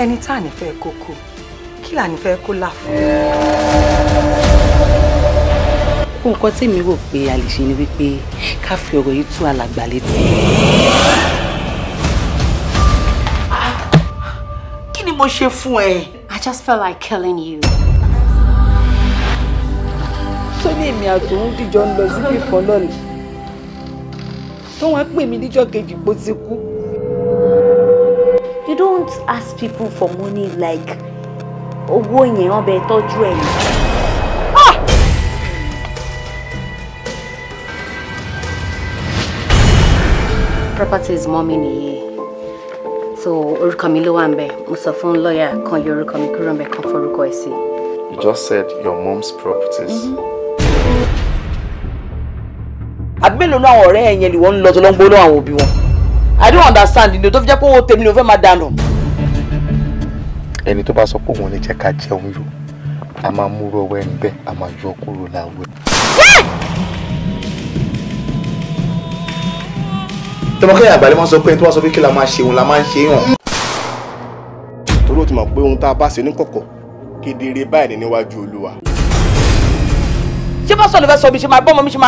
ẹni tá ní fẹ́ kó kú kí là ní fẹ́ kó là fún. nǹkan tí mi rò pé a lè ṣe ni wípé ká fi ọ̀rọ̀ yìí tú alàgbà létí. kí ni mo ṣe fún ẹ. I just felt like killing you. tó ní èmi àtòun dìjọ ń lọ síbì kan lọ́la tó wọ́n pè mí níjọ́ kejì bó ti kú you don't ask people for money like owó yẹn wọn bẹ tọ́jú ah! Property is mọ́mí nìyí so orúkọ mi ló wà ń bẹ mo sọ fún lọ́ọ̀yà kan yọ orúkọ mi kúrò ń bẹ kan forúkọ ẹ̀ sí. you just said your mom's properties. Mhm. àbí mélòó náà àwọn ọ̀rẹ́ ẹ̀yẹn lè wọ́n ń lọ tó lọ́n gbóná àwọn òbí wọn. I don't understand You don't fi jẹ́ pé owó tèmi ni o fẹ́ máa dànù. ẹni tó bá I'm pé òun lè a máa múrú ọwọ́ ẹni a máa yọ kúrò láwùjọ. tọmọkẹ́yà àgbàlẹ́ máa ń sọ pé ẹni tó bá sọ la máa ṣe òun la máa ń ṣe hàn. torí o ti mọ̀ pé ohun tá a bá ṣe níkọ̀kọ̀ kedere báyìí níwájú olúwa. ṣé bọ́sọ̀ ló fẹ́ sọ mi ṣe máa bọ́ ọmọ mi ṣe